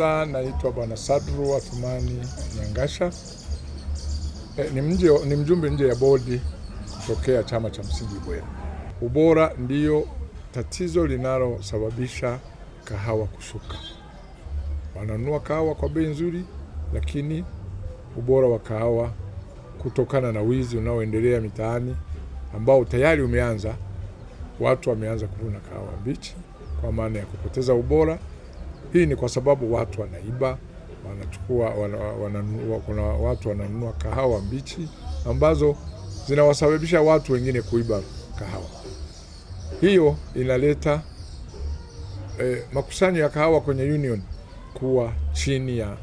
Naitwa Bwana Sadru Athumani Nyangasha. E, ni, ni mjumbe nje ya bodi kutokea chama cha msingi Bwera. Ubora ndiyo tatizo linalosababisha kahawa kushuka. Wananunua kahawa kwa bei nzuri, lakini ubora wa kahawa kutokana na wizi unaoendelea mitaani ambao tayari umeanza, watu wameanza kuvuna kahawa mbichi kwa maana ya kupoteza ubora. Hii ni kwa sababu watu wanaiba, wanachukua, wana, kuna watu wananunua kahawa mbichi ambazo zinawasababisha watu wengine kuiba kahawa. Hiyo inaleta eh, makusanyo ya kahawa kwenye union kuwa chini ya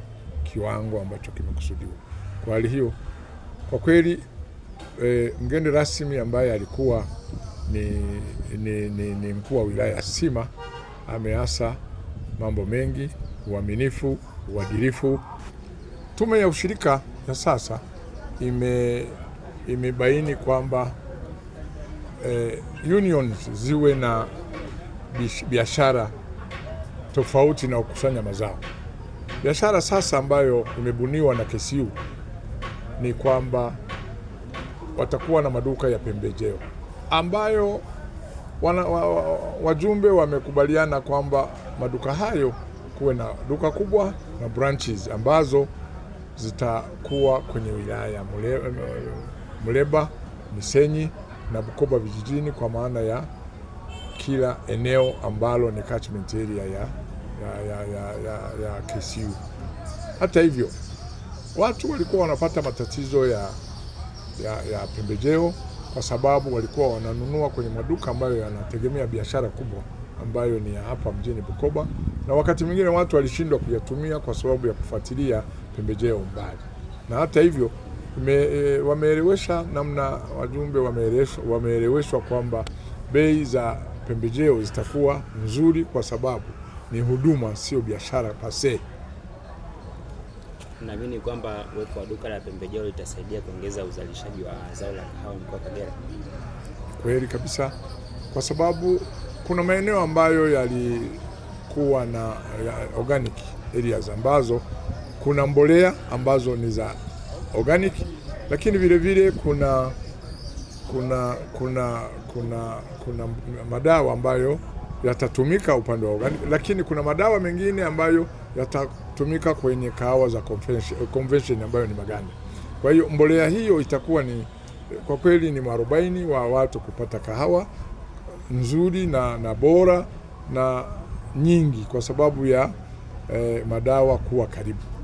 kiwango ambacho kimekusudiwa. Kwa hali hiyo, kwa kweli eh, mgeni rasmi ambaye alikuwa ni, ni, ni, ni mkuu wa wilaya Sima ameasa mambo mengi: uaminifu, uadilifu. Tume ya ushirika ya sasa ime imebaini kwamba eh, unions ziwe na biashara tofauti na kukusanya mazao. Biashara sasa ambayo imebuniwa na KCU ni kwamba watakuwa na maduka ya pembejeo ambayo wana, wa, wa, wajumbe wamekubaliana kwamba maduka hayo kuwe na duka kubwa na branches ambazo zitakuwa kwenye wilaya ya Muleba, Muleba, Misenyi na Bukoba vijijini kwa maana ya kila eneo ambalo ni catchment area ya, ya, ya, ya, ya, ya KCU. Hata hivyo watu walikuwa wanapata matatizo ya, ya, ya pembejeo kwa sababu walikuwa wananunua kwenye maduka ambayo yanategemea biashara kubwa ambayo ni ya hapa mjini Bukoba, na wakati mwingine watu walishindwa kuyatumia kwa sababu ya kufuatilia pembejeo mbali, na hata hivyo e, wameelewesha namna, wajumbe wameeleweshwa kwamba bei za pembejeo zitakuwa nzuri kwa sababu ni huduma, sio biashara pasei. Naamini kwamba uwepo wa duka la pembejeo litasaidia kuongeza uzalishaji wa zao la kahawa mkoa wa Kagera. Kweli kabisa, kwa sababu kuna maeneo ambayo yalikuwa na ya organic areas ambazo kuna mbolea ambazo ni za organic, lakini vilevile kuna kuna kuna kuna kuna madawa ambayo yatatumika upande wa organic, lakini kuna madawa mengine ambayo yatatumika kwenye kahawa za convention, eh, convention ambayo ni maganda. Kwa hiyo mbolea hiyo itakuwa ni kwa kweli ni mwarobaini wa watu kupata kahawa nzuri na, na bora na nyingi kwa sababu ya eh, madawa kuwa karibu.